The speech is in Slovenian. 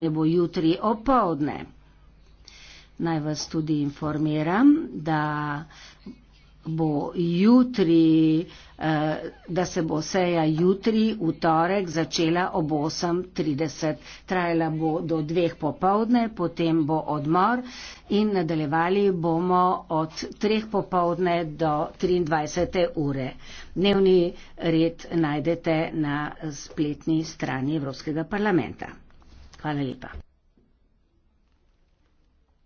je bo jutri opovdne. Naj vas tudi informiram, da bo jutri, eh, da se bo seja jutri v torek začela ob 8.30. Trajala bo do dveh popovdne, potem bo odmor in nadaljevali bomo od treh popovdne do 23. ure. Dnevni red najdete na spletni strani Evropskega parlamenta. Hvala lepa.